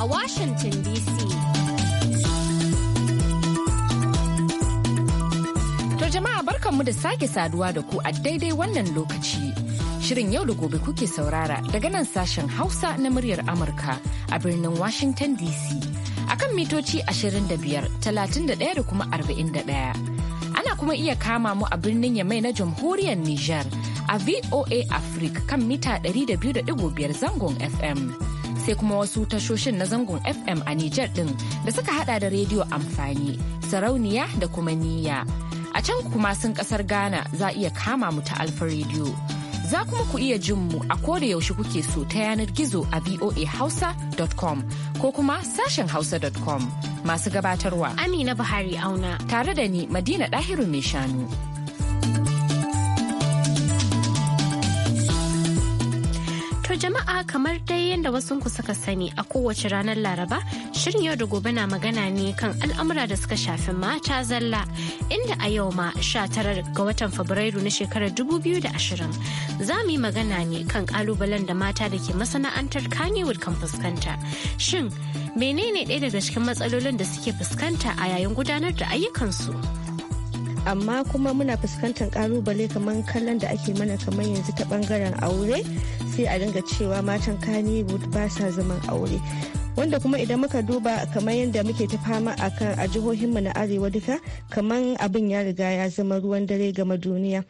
a Washington DC. To jama'a barkanmu da sake saduwa da ku a daidai wannan lokaci. Shirin yau da gobe kuke saurara daga nan sashen Hausa na muryar Amurka a birnin Washington DC. kan mitoci 25, 31 da kuma 41. ana kuma iya kama mu a birnin yamai na jamhuriyar Nijar a VOA Africa kan mita 200.5 zangon FM. sai kuma wasu tashoshin na zangon FM a Nijar ɗin da suka hada da rediyo amfani, sarauniya da kuma niyya. A can kuma sun ƙasar Ghana za iya kama mu ta Alfa rediyo. Za kuma ku iya jin mu a koda yaushe kuke so ta yanar gizo a voahausa.com ko kuma sashen hausa.com. Masu gabatarwa Amina Buhari Auna tare da ni Madina Dahiru mai shanu. To jama'a kamar dai yadda wasu ku suka sani a kowace ranar Laraba, shirin yau da gobe na magana ne kan al'amura da suka shafi mata zalla, inda a yau ma 19 ga watan Fabrairu na shekarar 2020 za mu yi magana ne kan kalubalen da mata da ke masana'antar Kannywood kan fuskanta. Shin menene ɗaya daga cikin matsalolin da suke fuskanta a yayin gudanar da ayyukansu? amma kuma muna fuskantar kalubale kamar kallon da ake mana kamar yanzu ta bangaren aure sai a dinga cewa matan kani ba sa zaman aure wanda kuma idan muka duba kamar yadda muke ta fama a kan a jihohinmu na arewa duka kamar abin ya riga ya zama ruwan dare gama duniya.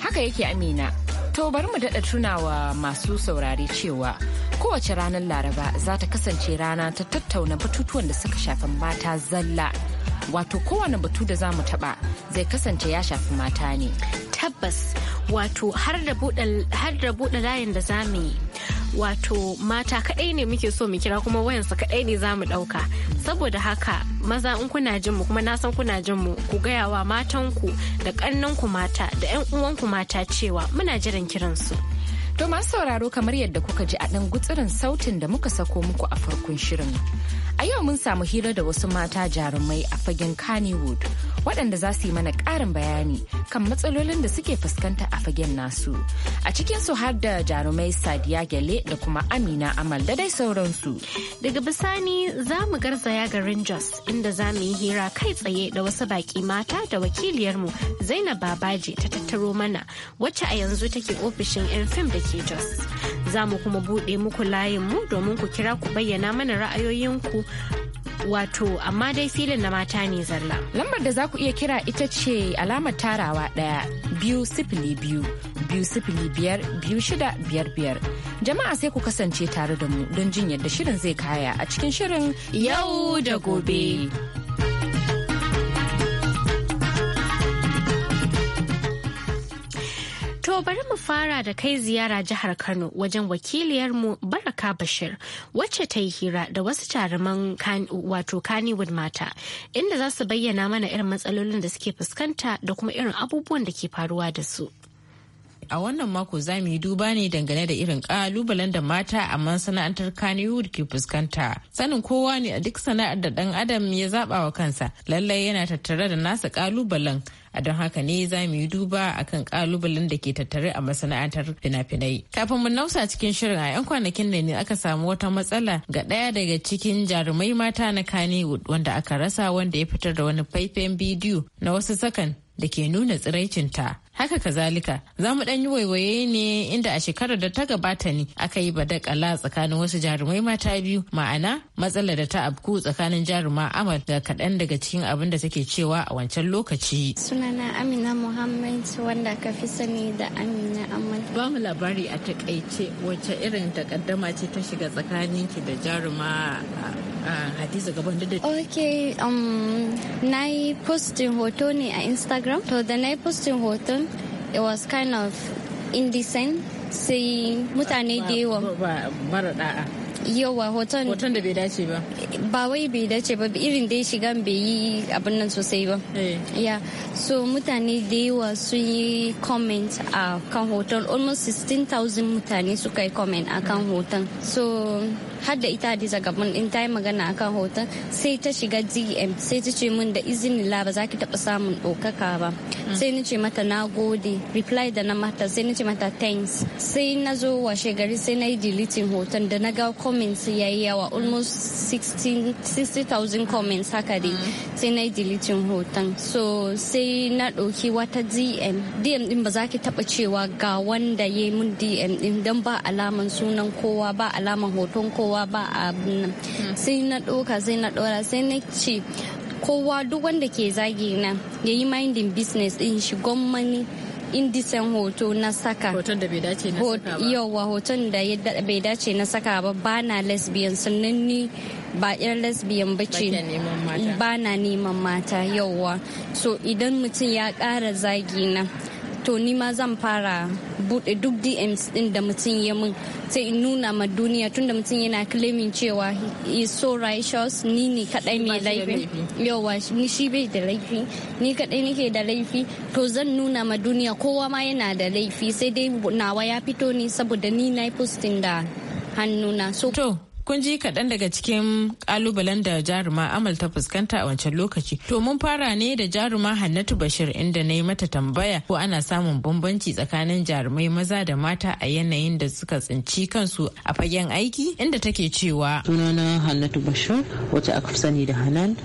haka yake amina To bari mu daɗa tunawa masu saurari cewa kowace ranar Laraba za ta kasance rana ta tattauna batutuwan da suka shafi mata zalla. Wato kowane batu da za mu taɓa zai kasance ya shafi mata ne. Tabbas wato har da buɗe layin da za mu yi wato mata kaɗai ne muke so mu kira kuma wayansa kaɗai ne za mu ɗauka saboda haka maza in kuna jin mu kuma na san kuna jin mu ku gaya wa matanku da ƙannanku mata da 'yan uwanku mata cewa muna jiran kiransu. To masu sauraro kamar yadda kuka ji a ɗan gutsurin sautin da muka sako muku a farkon shirin. A yau mun samu hira da wasu mata jarumai a fagen Kannywood waɗanda za su yi mana ƙarin bayani kan matsalolin da suke fuskanta a fagen nasu. A cikin su har da jarumai Sadiya Gele da kuma Amina Amal da dai sauransu. Daga bisani za mu garzaya garin Jos inda za mu yi hira kai tsaye da wasu baƙi mata da wakiliyarmu Zainab Babaje ta tattaro mana wacce a yanzu take ofishin 'yan fim da ke Jos. za mu kuma buɗe muku layin mu domin ku kira ku bayyana mana ra'ayoyinku wato amma dai filin na mata ne zalla. Lambar da za ku iya kira ita ce alamar tarawa ɗaya biyu sifili biyu biyu sifili biyar biyu shida biyar biyar. Jama'a sai ku kasance tare da mu don jin yadda shirin zai kaya a cikin shirin yau da gobe. bari mu fara da kai ziyara jihar Kano wajen wakiliyarmu Baraka Bashir wacce ta yi hira da wasu jaruman wato Kannywood mata inda za su bayyana mana irin matsalolin da suke fuskanta da kuma irin abubuwan da ke faruwa da su. a wannan mako za mu yi duba ne dangane da irin kalubalen da mata a masana'antar Kannywood ke fuskanta. Sanin kowa ne a duk sana'ar da dan adam ya zaɓa wa kansa, lallai yana tattare da nasa kalubalen. a don haka ne za mu yi duba a kan kalubalen da ke tattare a masana'antar fina-finai kafin mu nausa cikin shirin a 'yan kwanakin ne aka samu wata matsala ga ɗaya daga cikin jarumai mata na kanewood wanda aka rasa wanda ya fitar da wani faifen bidiyo na wasu sakan da ke nuna tsiraicinta Haka kazalika, za mu ɗan yi waiwaye ne inda a shekarar da ta gabata ne aka yi badakala tsakanin wasu jarumai mata biyu ma'ana matsala da ta abku tsakanin jaruma Amal da kaɗan daga cikin abin da take cewa a wancan lokaci. Sunana Amina Muhammad wanda ka fi sani da Amina Amal. Ba mu labari a takaice wacce irin takaddama ce ta shiga tsakaninki da jaruma Hadiza gaban da Ok, um, na yi postin hoto ne a Instagram. To da na yi postin hoton it was kind of indecent sai mutane da yawa mara da'a yawa hoton da bai dace ba ba wai bai dace ba irin dai shigan bai yi abin nan sosai ba eh. ya so mutane da yawa sun yi comment a kan hoton almost 16,000 mutane suka yi comment a kan hoton so har da ita Hadiza Gabon in ta yi magana akan hoton sai ta shiga GM sai ta ce min da izini la ba za ki taɓa samun ɗaukaka ba. Sai ni ce mata na gode reply da na mata sai ni ce mata thanks sai na zo washe gari sai na yi deleting hoton da na ga comments ya yi yawa almost 60,000 comments haka dai sai na yi deleting hoton so sai na ɗauki wata GM. DM din ba za ki taɓa cewa ga wanda ya yi mun DM din don ba alaman sunan kowa ba alaman hoton kowa kowa ba a nan sai na ɗoka sai na ɗora sai na ce kowa duk wanda ke zagi na ya yi minding business ɗin shi in disan hoto na saka hoton da bai dace na saka ba yawa hoton da bai dace na saka ba ba na lesbian sannan ni ba yar lesbian ba ce ba na neman mata yawa so idan mutum ya ƙara zagi na to ni ma zan fara bude duk DMs ɗin da mutum ya min sai in nuna ma duniya tunda mutum yana claiming cewa is so righteous ni ne kadai mai laifi yawa ni shi bai da laifi ni kadai nake da laifi to zan nuna ma duniya kowa ma yana da laifi sai dai nawa ya fito ni saboda ni na postin da hannuna so to Kun ji kaɗan daga cikin ƙalubalen da jaruma Amal ta fuskanta a wancan lokaci. To mun fara ne da jaruma Hannatu Bashir inda na yi mata tambaya ko ana samun bambanci tsakanin jarumai maza da mata a yanayin da suka tsinci kansu a fagen aiki inda take cewa. Sunana Hannatu Bashir wacce aka fi sani da Hanan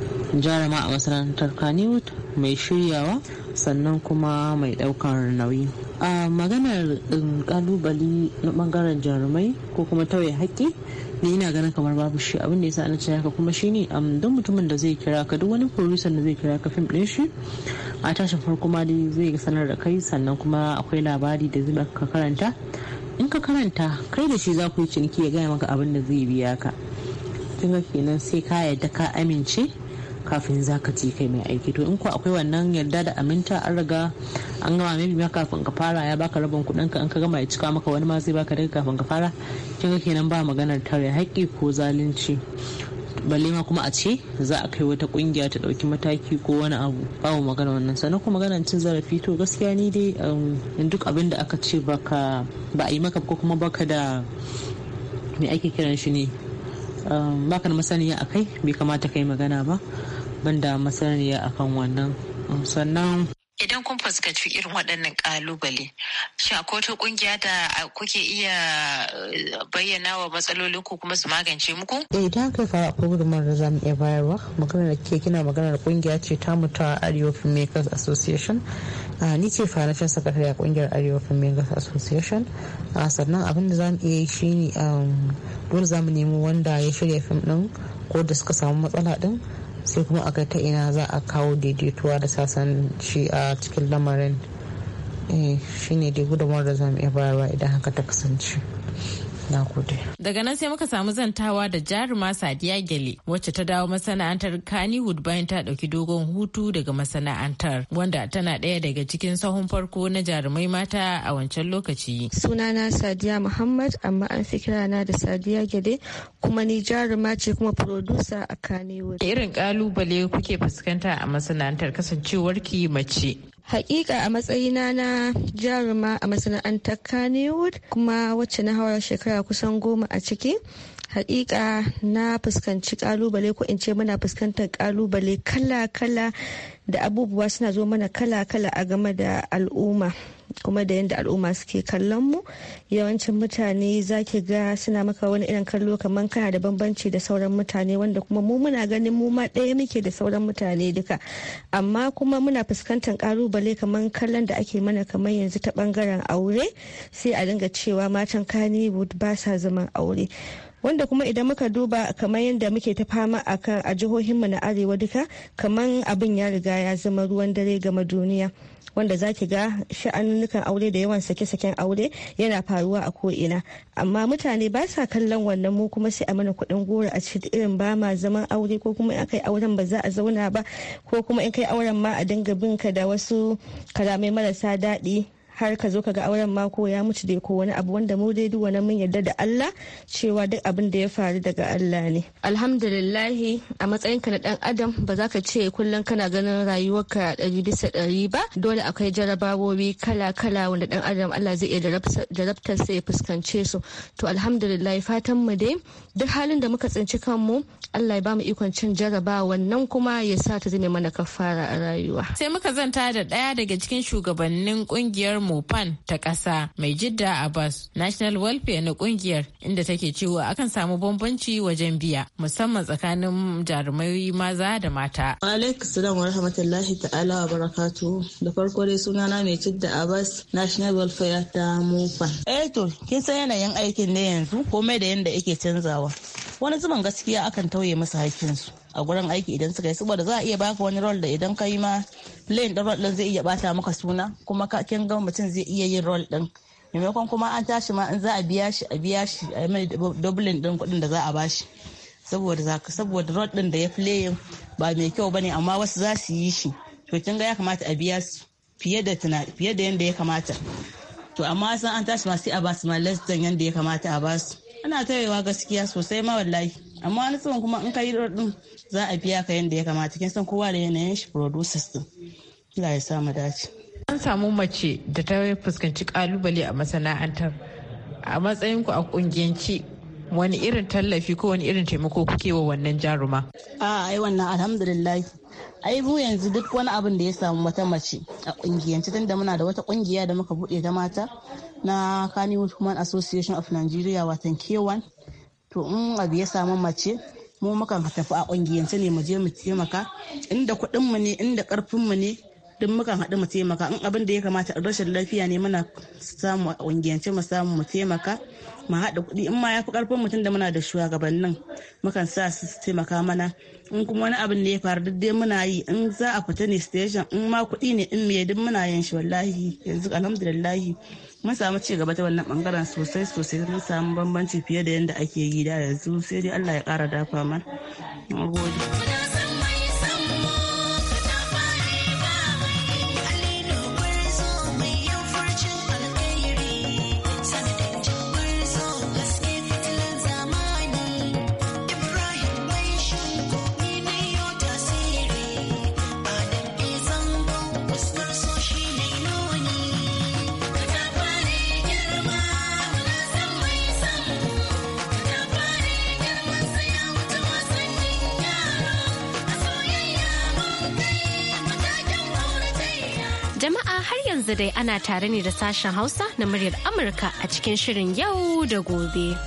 jaruma a masana'antar Kannywood mai shiryawa sannan kuma mai ɗaukar nauyi. a maganar um, kalubali na bangaren jarumai ko kuma tauye haƙƙi ne ina ganin kamar babu shi abin da yasa ana ce haka kuma shine um, don mutumin da zai kira ka duk wani producer da zai kira ka fim ɗin shi a tashin farko ma dai zai sanar da kai sannan kuma akwai labari da zai ka karanta in ka karanta kai da shi za ku yi ciniki ya gaya maka abin da zai biya ka kin kenan sai ka yadda ka amince kafin zaka ka ci kai mai aiki to in ko akwai wannan yarda da aminta an riga an gama mai ma kafin ka fara ya baka rabin kuɗin ka in ka gama ya cika maka wani ma zai baka daga kafin ka fara kika kenan ba maganar tare haƙƙi ko zalunci balle ma kuma a ce za a kai wata kungiya ta dauki mataki ko wani abu babu magana wannan sannan kuma maganar cin zarafi to gaskiya ni dai um, duk abin da aka ce baka ba a yi maka ko kuma baka da me ake kiran shi ne baka da masaniya a kai bai kamata kai magana ba banda masaniya akan wannan sannan Idan kun fuskanci irin waɗannan ƙalubale, ta ƙungiya da kuke iya eh, bayyana wa matsalolin ku kuma su magance muku? Eh, idan ka ka gudunmawar da za mu iya bayarwa, maganar da ke kina maganar ƙungiya ce ta mutuwa Arewa Filmmakers Association. Ah, ni ce fanashin sakatare a ƙungiyar Arewa Filmmakers Association. Ah, sannan abin da za mu iya yi shi ne um, dole za mu nemi wanda ya shirya fim ɗin ko da suka samu matsala ɗin sai kuma aka ta ina za a kawo daidaituwa da sasan shi a cikin lamarin eh, shine dai gudunmawar da zamu iya bayarwa idan haka ta kasance. Na Daga nan sai muka samu zantawa da jaruma Sadiya Gele wacce ta dawo masana'antar Kannywood bayan ta ɗauki dogon hutu daga masana'antar wanda tana ɗaya daga cikin sahun farko na jarumai mata a wancan lokaci. Sunana Sadiya Muhammad amma an fi kirana da Sadiya Gele kuma ni jaruma ce kuma producer a Kannywood. Irin kalubale kuke fuskanta a masana'antar kasancewarki mace. Hakika a matsayina na jaruma a masana'antar Kannywood kuma wacce na hawa shekara kusan goma a ciki hakika na fuskanci kalubale ko in ce muna fuskantar kalubale kala-kala da abubuwa suna zo mana kala-kala a game da al'umma kuma da yadda al'umma suke kallon mu yawancin mutane za ki ga suna maka wani irin kallo kamar kana da bambanci da sauran mutane wanda kuma mu muna ganin mu ma ɗaya muke da sauran mutane duka amma kuma muna fuskantar kalubale kamar kallon da ake mana kamar yanzu ta bangaren aure sai a dinga cewa matan kani ba sa zaman aure wanda kuma idan muka duba kamar yadda muke ta fama a kan a jihohinmu na arewa duka kamar abin ya riga ya zama ruwan dare game duniya wanda za ki ga sha'anunukan aure da yawan sake-saken aure yana faruwa a ko'ina amma mutane ba sa kallon wannan mu kuma sai a mana kuɗin goro a cikin irin ba ma zaman aure ko kuma in aka auren ba za a zauna ba ko kuma in kai auren ma a dinga bin da wasu kalamai marasa daɗi har ka zo ka ga auren mako ya mutu dai ko wani abu wanda mu dai duk wani mun yarda da Allah cewa duk abin da ya faru daga Allah ne alhamdulillahi a matsayin ka na dan adam ba za ka ce kullum kana ganin rayuwarka ɗari bisa ɗari ba dole akwai jarabawowi kala kala wanda dan adam Allah zai iya jarabtar sai ya fuskance su to alhamdulillah fatan mu dai duk halin da muka tsinci kanmu Allah ya bamu ikon cin jaraba wannan kuma ya sa ta zame mana kafara a rayuwa sai muka zanta da ɗaya daga cikin shugabannin kungiyar mu mopan ta ƙasa mai jidda abbas national welfare na kungiyar inda take cewa akan samu bambanci wajen biya musamman tsakanin jarumai maza da mata alaikum salam wa rahmatullahi ta'ala wa barakatu da farko dai sunana mai jidda abbas national welfare ta mopan eh to kin san yanayin aikin ne yanzu komai da yanda yake canzawa wani zuban gaskiya akan tauye masa hakkinsu a gurin aiki idan suka yi saboda za a iya baka wani rol da idan ka yi ma lane ɗin rol zai iya bata maka suna kuma ka kin ga mutum zai iya yin rol ɗin maimakon kuma an tashi ma in za a biya shi a biya shi a mai dublin ɗin kuɗin da za a bashi saboda saboda rol din da ya playin ba mai kyau bane amma wasu za su yi shi to kin ga ya kamata a biya su fiye da fiye yanda ya kamata to amma san an tashi ma sai a basu ma less than yanda ya kamata a basu ana tarewa gaskiya sosai ma wallahi amma wani tsohon kuma in ka yi ɗin za a biya ka yadda ya kamata kin san kowa da yanayin shi producers din Allah ya sa mu dace an samu mace da ta fuskanci kalubale a masana'antar a matsayin ku a kungiyanci wani irin tallafi ko wani irin taimako kuke wa wannan jaruma a ai wannan alhamdulillah ai mu yanzu duk wani abin da ya samu wata mace a kungiyance tunda muna da wata kungiya da muka bude ta mata na kani Human Association of Nigeria watan K1 to in abu ya samu mace mu muka tafi a kungiyance ne mu je mu taimaka inda kuɗin mu ne inda karfin mu ne duk mukan haɗu mu taimaka in abin da ya kamata rashin lafiya ne muna samu a kungiyance mu samu mu taimaka mu haɗa kuɗi in ma ya fi karfin mutum da muna da shugabannin mukan sa su taimaka mana in kuma wani abin da ya faru duk dai muna yi in za a fita ne station in ma kuɗi ne in me duk muna yin shi wallahi yanzu alhamdulillah. mun samu ci gaba ta wannan bangaren sosai sosai mun samu bambanci fiye da yadda ake yi da yanzu sai dai allah ya kara dafa mana. dai ana tare ne da sashen Hausa na muryar Amurka a cikin shirin yau da gobe.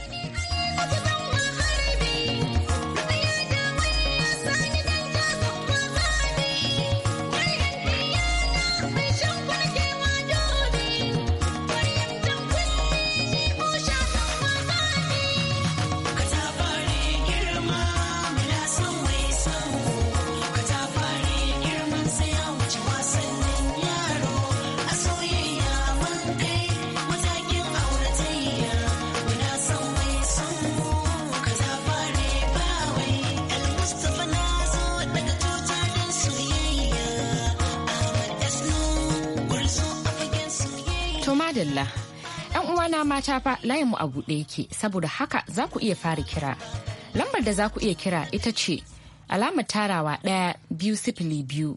Allah. ‘Yan uwana mata fa layin mu a buɗe yake saboda haka za ku iya fara kira. Lambar da za ku iya kira ita ce alamar tarawa ɗaya biyu sifili biyu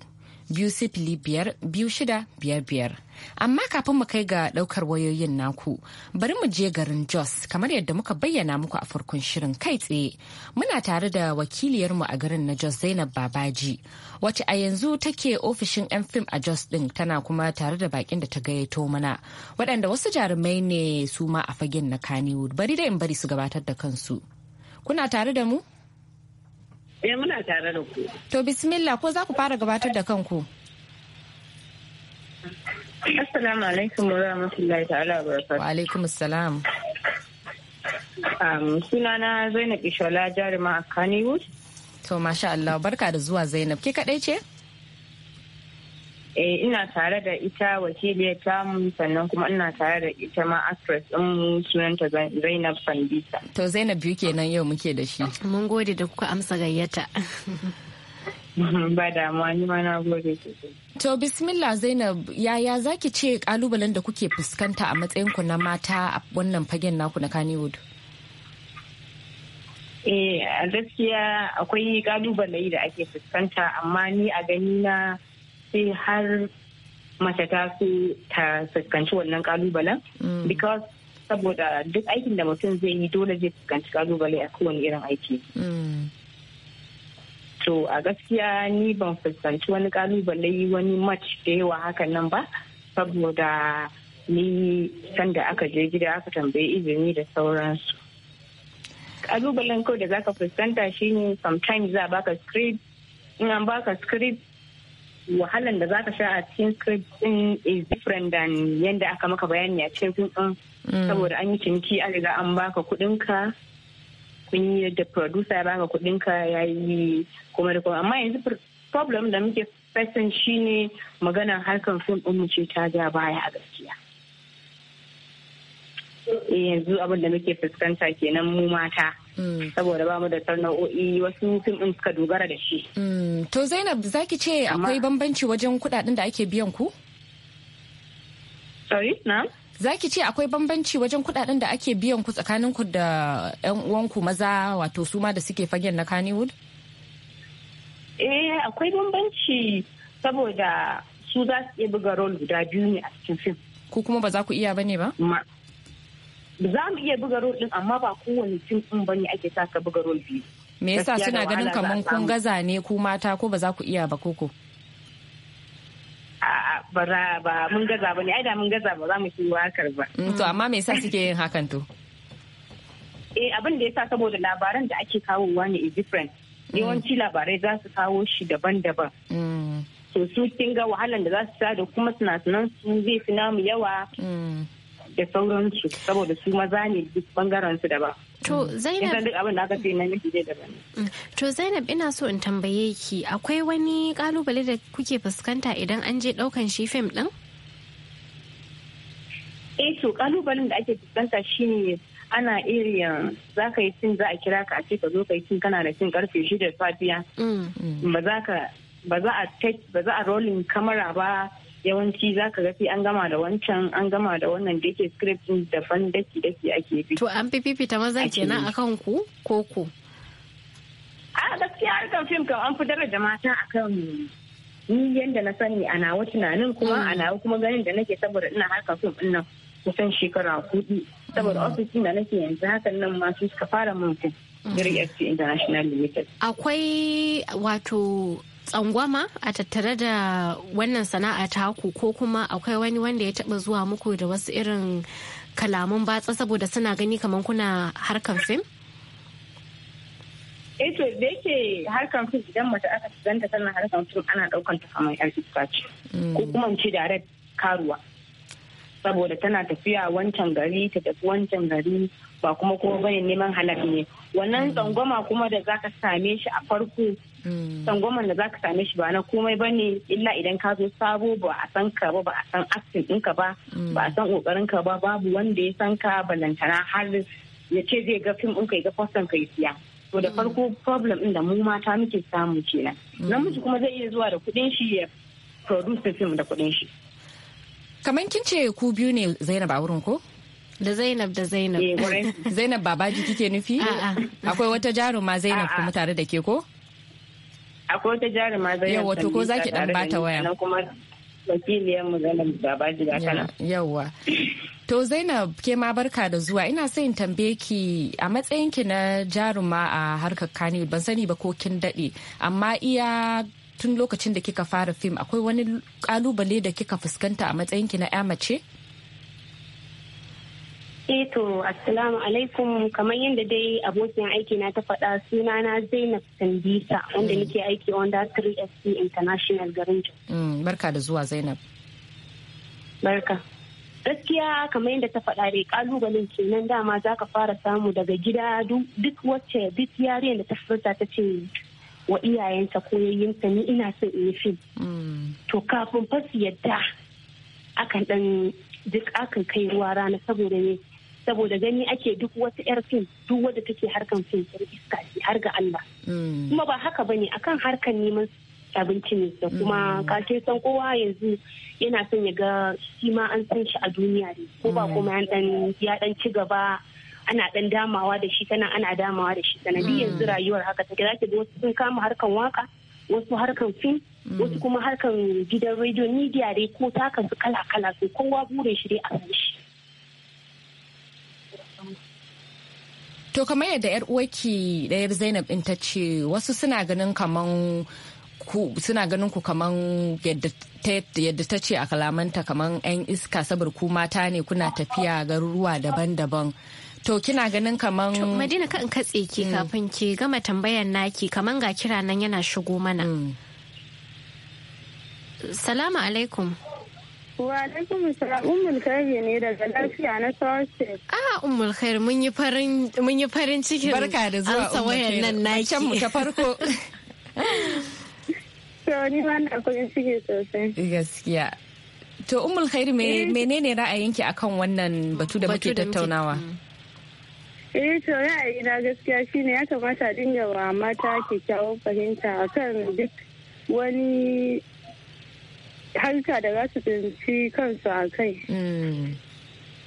biyu sifili biyar biyu shida biyar biyar. Amma kafin mu kai ga ɗaukar wayoyin naku, bari mu je garin Jos kamar yadda muka bayyana muku a farkon shirin kai tsaye. Muna tare da wakiliyarmu a garin na Jos Zainab Babaji, wacce a yanzu take ofishin 'yan fim a Jos din tana kuma tare da bakin da ta gayyato mana, waɗanda wasu jarumai ne su ma a fagen na Kannywood. Bari da in bari su gabatar da kansu. Kuna tare da mu? Eh muna tare da ku. To bismillah ko za ku fara gabatar da kanku? Assalamu alaikum wa rahmatullahi ta'ala wa Wa alaikum um, sunana Zainab Ishola Jarima a Kannywood. To masha Allah barka da zuwa Zainab ke kadai ce? Eh ina tare da ita wakiliyar tamu sannan kuma ina tare da ita ma actress din sunanta Zainab Fandisa. To Zainab biyu kenan yau muke da shi. Mun gode da kuka amsa gayyata. ba damuwa ni ma na gode sosai. To bismillah Zainab yaya zaki ce kalubalen da kuke fuskanta a matsayin ku na mata a wannan fagen naku na Kannywood? Eh a gaskiya akwai kalubale da ake fuskanta amma ni a gani na sai har mace ta su ta fuskanci wannan kalubalen mm. because saboda duk aikin da mutum zai yi dole zai fuskanci kalubale a kowane irin aiki. Mm. to a gaskiya ni ban fuskanci wani kalubale wani match da yawa hakan nan ba saboda ni sanda aka je gida aka tambayi izini da sauransu kalubalen kawai da zaka fuskanta shine sometimes za baka script in an baka script wahalan da zaka sha a cikin script din is different than yanda aka maka bayani a cikin din mm. saboda an yi ciniki an riga an baka kudin ka kun yi da producer ya baka kuɗin ka ya yi kuma da kuma amma yanzu problem da muke fesin ne magana harkar fim ɗin ce ta ja baya a gaskiya eh, yanzu abin da muke fuskanta kenan mu mata mm. saboda ba mu da tarna'o'i wasu fim ɗin suka dogara da shi mm. to zainab zaki ce akwai bambanci wajen kuɗaɗen da ake biyan ku sorry na za ki ce akwai bambanci wajen kudaden da ake biyan ku tsakanin ku da yan uwanku maza wato su ma da suke fagen na Kannywood? Eh akwai bambanci saboda su za su iya buga rol guda biyu ne a cikin fim. Ku kuma ba za ku iya bane ba? Za mu iya buga rol din amma ba kowane fim din bane ake sa ka buga rol biyu. Me yasa suna ganin kaman kun gaza ne ku mata ko ba za ku iya ba koko? ba ba mun gaza ba ne ai da mun gaza ba za mu yi wakar ba mm, to amma me yasa suke yin hakan to eh abin da yasa saboda labaran da ake kawowa ne is different mm. yawanci labarai za su kawo shi daban-daban mm. to su kin wahalan da za su sa da kuma sinasunan su zai fi namu yawa da sauransu saboda su maza ne duk bangaren su daban To Zainab mm. To Zainab ina so in tambaye ki akwai wani kalubale da kuke fuskanta idan an je daukan shi fim din? Eh to kalubalen da ake fuskanta shine ana iriya za ka yi cin za a kira ka a ce ka zo ka yi cin kana da cin karfe shida safiya. Mm. Ba za ka ba za a rolling kamera ba yawanci za ka sai an gama da wancan an gama da wannan da ke script daban daki daki ake bi. To an fi fifita maza kenan na ku ko ku? A gaskiya harkar fim kan an fi daraja mata a kan ni yadda na sani a nawa tunanin kuma a hmm. nawa kuma ganin da nake saboda ina harkar fim din nan kusan shekara hudu saboda hmm. ofisin da nake yanzu hakan nan masu suka fara mun fim. Hmm. International Limited. Akwai wato tsangwama a tattare da wannan sana'a ta haku ko kuma akwai wani wanda ya taba zuwa muku da wasu irin kalamun batsa saboda suna gani kamar kuna harkan fim? Eh to da yake harkar fim idan mace aka ganta tana harkan fim ana daukan ta kamar yar ce ko mm. kuma ce karuwa saboda tana tafiya wancan gari ta tafi wancan gari ba kuma kuma bane neman halar ne wannan tsangwama kuma da ka same shi a farko mm. tsangwaman da zaka same shi ba na komai ba ne illa idan ka zo sabo ba a san ka ba ba a san aksin ɗinka ba mm. ba a san ƙoƙarin ka ba babu wanda ya san ka balantana har ya ce zai ga fim ɗinka ya ga fostan ka ya siya to da mm. farko problem ɗin da mu mata muke samu kenan namiji kuma zai iya zuwa da kuɗin shi ya produce fim da kuɗin shi. kamar kin ce ku biyu ne zainab a wurin ko? da zainab da zainab eh, zainab babaji kike nufi akwai wata jaruma zainab kuma tare da ke ko akwai wata jaruma zainab Yawwa to ko zaki dan bata waya Yawwa To Zainab ke ma barka da zuwa ina son tambaye ki a matsayin ki na jaruma a harkar kani ban sani ba ko kin dade amma iya tun lokacin da kika fara fim akwai wani kalubale da kika fuskanta a matsayin ki na 'ya mace? eh to assalamu alaikum kamar yadda dai abokin aiki na ta faɗa suna na zainab sandisa wanda mm. nake aiki under 3sc international garin mm, barka da zuwa zainab barka gaskiya kamar yadda ta faɗa dai kalubalen kenan dama za ka fara samu daga gida duk wacce duk yare da ta furta ta ce wa iyayenta ko yayyinta ni ina son in yi fim mm. to kafin fa su yadda akan ɗan duk akan kai ruwa rana saboda ne saboda gani ake duk wasu yar fim duk wadda take harkan fim sun iska ce har ga Allah mm. kuma ba haka ba ne akan harkan neman abinci ne da kuma mm. kake san kowa yanzu yana son ya ga shi ma an san shi a duniya ne ko ba mm. kuma ya dan ci gaba ana dan damawa da shi tana ana damawa da shi sanadi yanzu rayuwar haka take za ki ga wasu sun kama harkan waka wasu harkan fim wasu kuma harkan gidan rediyo media dai ko takan su kala kala su kowa burin shi dai a san shi To kamar yadda 'yar uwarki ɗayar Zainab ɗin ta ce wasu suna ganin kaman ku suna ganin ku kaman yadda ta ce a kalamanta kaman 'yan iska sabar ku mata ne kuna tafiya garuruwa daban-daban. To kina ganin kaman Madina ka in katse ki mm. kafin ki gama tambayar naki kaman ga kira nan yana shigo mana. Mm. Salamu alaikum. Wa'alaikum salam Ummul Khair ne daga lafiya na Sources. Ah Ummul Khair mun yi farin mun cikin barka da zuwa Ummul nan naki. Can mu ta farko. To ni ma na farin ciki sosai. Gaskiya. To Ummul Khair eh. menene ra'ayinki akan wannan batu da muke tattaunawa? Mm. eh to ra'ayi na gaskiya shine ya kamata dinga wa mata kyakkyawan fahimta akan duk wani hanta da za su tsinci kansu a kai. Mm.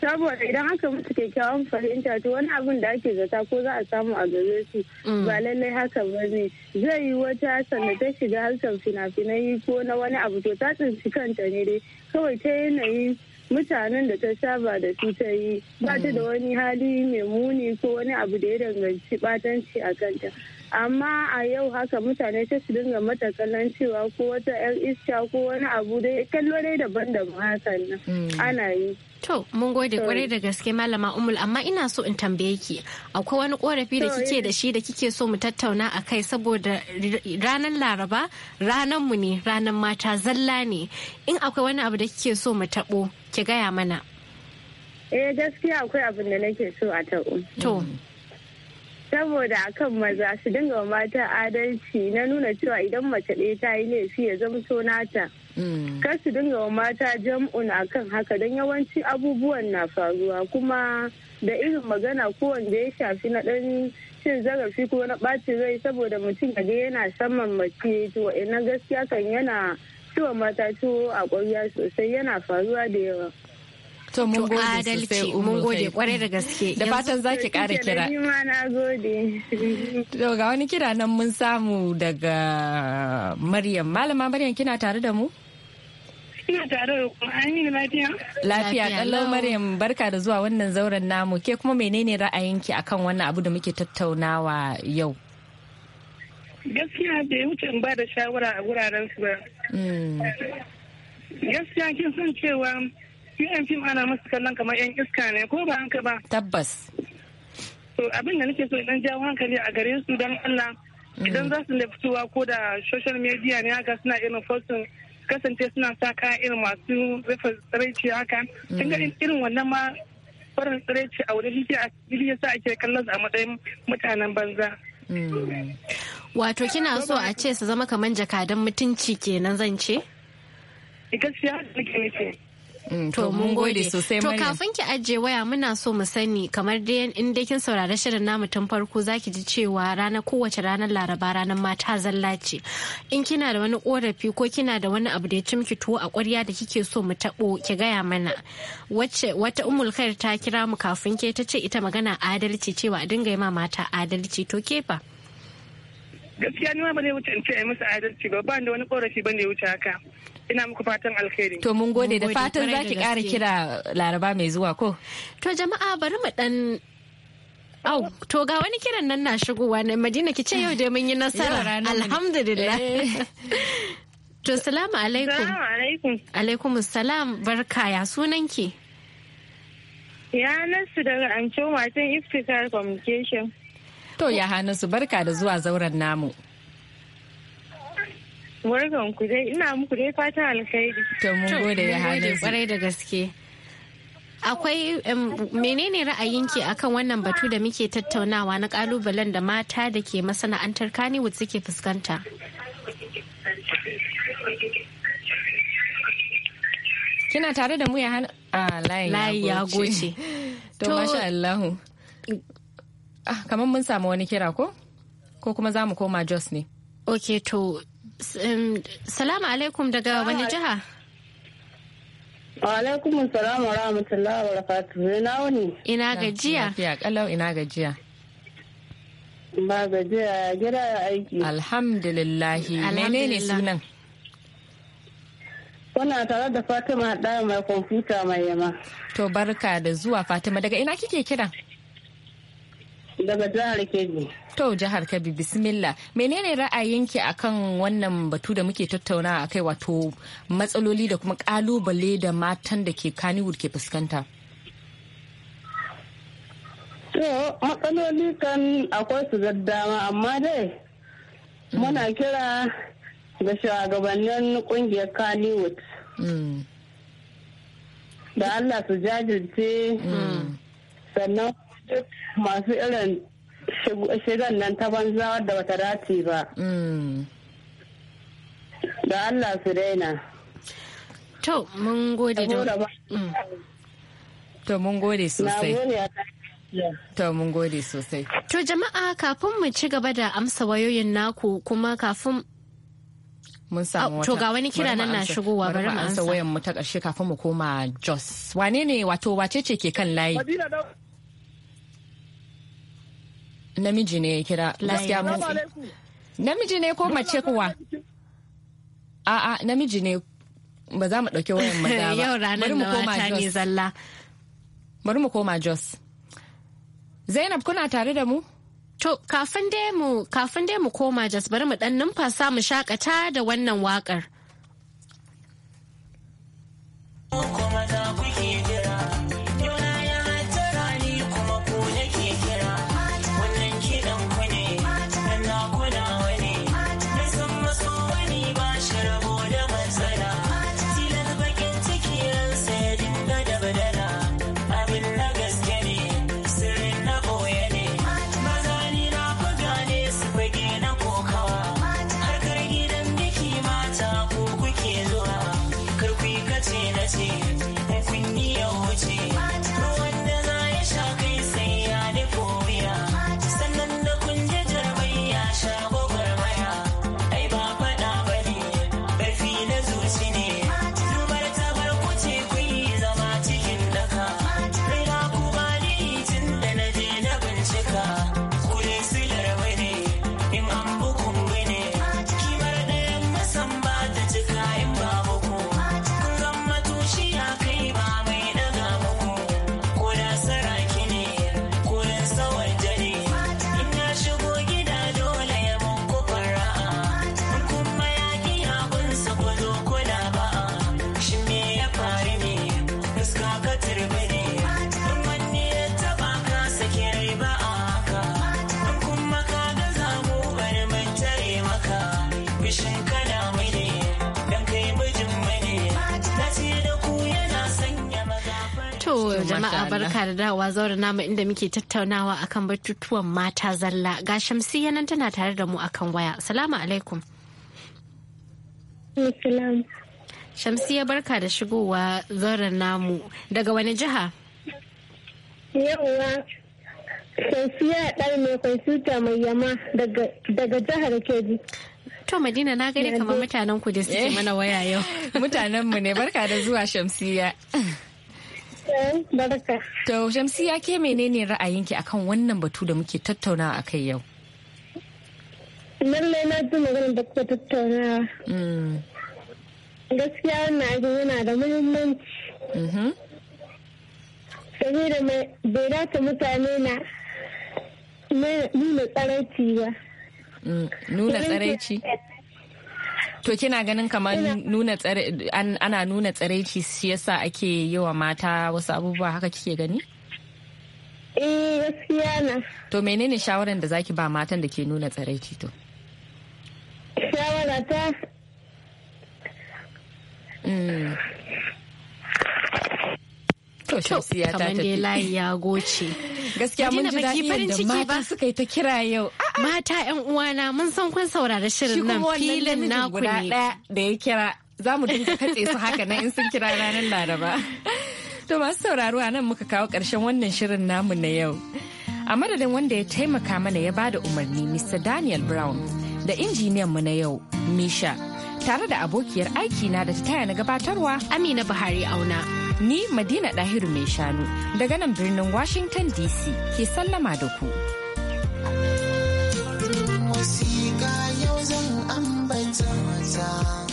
saboda idan aka musu kyakkyawan fahimta to wani abin da ake zata ko za a samu a gare su mm. ba lallai haka ba ne zai yi wata sannan ta shiga harkar fina-finai ko na wani abu to ta tsinci kanta ne dai kawai ta yanayi mutanen da ta saba da su ta yi ba ta da mm. wani hali mai muni ko wani abu da ya danganci batanci a kanta amma a yau haka mutane sai su dinga mata kallon cewa ko wata yan iska ko wani abu dai kallo dai daban-daban hakan nan hmm. ana yi To, mun gode kwarai da gaske Malama Umul, amma ina so in tambaye ki, akwai wani korafi da kike da shi da kike so mu tattauna a kai saboda ranar Laraba ranar mu ne, ranar mata zalla ne. In akwai wani abu da kike so mu taɓo, ki gaya mana. Eh gaskiya akwai abin da nake so a taɓo. To. Hmm. saboda akan maza su dinga mata adalci na nuna cewa idan mace ɗaya ta yi laifi ya zamto nata mm. kar su dinga wa mata jam'un akan haka don yawanci abubuwan na faruwa kuma da irin magana ko wanda ya shafi na ɗan cin zarafi ko na ɓacin rai saboda mutum ga yana saman mace to ina gaskiya kan yana ciwon mata ciwo a ƙwarya sosai yana faruwa da yawa To mun gode adalci mun gode kwarai da gaske. Da fatan za ki kara kira. To ga wani kira nan mun samu daga Maryam. Malama Maryam kina tare da mu? Ina tare da ku. An yi lafiya? Lafiya kallon Maryam barka da zuwa wannan zauren namu. Ke kuma menene ra'ayinki akan wannan abu da muke tattaunawa yau? Gaskiya bai wuce in ba da shawara a wuraren su ba. Hmm. Gaskiya kin san cewa su yan fim ana masu kallon kamar yan iska ne ko ba hanka ba tabbas to abin da nake so idan jawo hankali a gare su don allah mm. idan za su fitowa ko da social media ne haka suna irin fosin kasance suna sa kayan irin masu rufe tsiraici haka tun mm. irin wannan ma farin tsiraici a wani a cikin yasa ake kallon a matsayin mutanen banza mm. wato kina so a ce su zama kamar jakadan mutunci kenan zan ce eh, gaskiya nake nufi Mm, to mun gode sosai to kafin ki ajiye waya muna so mu sani kamar dai in dai kin saurari shirin namu tun farko zaki ji cewa rana kowace ranar laraba ranar mata zalla ce in kina da wani korafi ko kina da wani abu da ya cimki tuwo a ƙwarya da kike so mu tabo ki gaya mana wacce wata umul khair ta kira mu kafin ke ta ce ita magana adalci cewa a dinga yi ma mata adalci to kefa gaskiya ni ma ba zai wuce in ce musu adalci ba ba da wani korafi ba ne wuce haka ina muku fatan alkhairi. To mun gode da fatan za ki ƙara kira laraba mai zuwa ko? To jama'a bari mu ɗan Au, to ga wani kiran nan na shigowa na Madina ki ce yau da mun yi nasara. Alhamdulillah. Eh. To salamu alaikum. Salamu alaikum. salam barka ya sunan ki. Ya nasu daga Amcho Matan Iftikar Communication. To ya hanasu barka da zuwa zauren namu. Barkan ku dai ina muku dai fatan alkhairi. To mun gode ya halin kwarai da gaske. Akwai menene ra'ayinki akan wannan batu da muke tattaunawa na kalubalen da mata da ke masana'antar Kannywood suke fuskanta? Kina tare da mu ya hana? Ah, layi ya goce. To, masha Allahu. Ah, kamar mun samu wani kira ko? Ko kuma za mu koma Jos ne? Ok, to salamu alaikum daga wani jiha alaikum salamu wa rahmatullahi wa barakatuhu ina wani ina gajiya lafiya kalau ina gajiya ba gajiya ya gida aiki Mene menene sunan Kuna tare da Fatima Haddara mai kwamfuta mai yama. To barka da zuwa Fatima daga ina kike kira? daga jihar Kebbi. To jihar Kebbi bismillah. Menene ra'ayinki akan wannan batu da muke tattauna a kai wato matsaloli da kuma kalubale da matan da ke Kannywood ke fuskanta? To matsaloli kan akwai su dama amma dai muna mm. kira ga shugabannin kungiyar Kannywood. Mm. Da Allah su jajirce mm. sannan masu irin shigan nan ta banza wadda wata dace ba mm. da Allah su daina to mun gode da mm. to mun gode sosai Yeah. To mun gode sosai. To jama'a kafin mu ci gaba da amsa wayoyin naku kuma kafin mun samu oh, wata. To ga wani kira nan na shigowa bari mu amsa wayan mu ta ƙarshe kafin mu koma Jos. Wane ne wato wace ce ke kan layi? namiji ne ya kira gaskiya mun namiji ne ko mace kuwa a'a namiji ne ba za mu ɗauki wayan maza ba yau ranar na mata ne zalla bari mu koma jos zainab kuna tare da mu To kafin dai mu kafin dai mu koma jos bari mu dan numfasa mu shakata da wannan wakar. da dawowa zaura nama inda muke tattaunawa akan batutuwan mata zalla ga shamsiyya nan tana tare da mu akan waya salamu alaikum shamsiyya barka da shigowa zaura namu daga wani jiha yawwa shamsiyya ɗar mai kwamfuta mai yama daga jihar kebbi To Madina na gani kamar mutanen ku da suke eh. mana waya yau. Mutanen mu ne barka da zuwa Shamsiya. Barka. To Shamsiya ke menene ra'ayinki akan wannan batu da muke tattauna a kai yau? Lallai na ji maganar da kuka tattauna. Mm. Gaskiya na abin yana da muhimmanci. Mm-hmm. Saboda bai dace mutane na nuna tsaraici ba. Mm, nuna tsaraici? To kina ganin kamar nuna tsare ana nuna tsaraici shi yasa ake yi wa mata wasu abubuwa haka kike gani? Eh gaskiya na. To menene shawaran da zaki ba matan da ke nuna tsaraici to? Shawara ta mm. To Shamsiya ta tafi. layi ya goce. Gaskiya mun ji daɗi yadda mata suka yi ta kira yau. Mata 'yan uwana mun san kun saurara shirin nan filin naku ne. da ya kira za mu dinga katse su haka nan in sun kira ranar laraba. To masu sauraro a nan muka kawo ƙarshen wannan shirin namu na yau. A madadin wanda ya taimaka mana ya bada umarni Mr. Daniel Brown da injiniyan mu na yau Misha tare da abokiyar aiki na da ta taya na gabatarwa Amina Buhari Auna. Ni Madina Dahiru mai shanu daga nan birnin Washington DC ke sallama da ku. Wasiƙa yau zan ambata mata.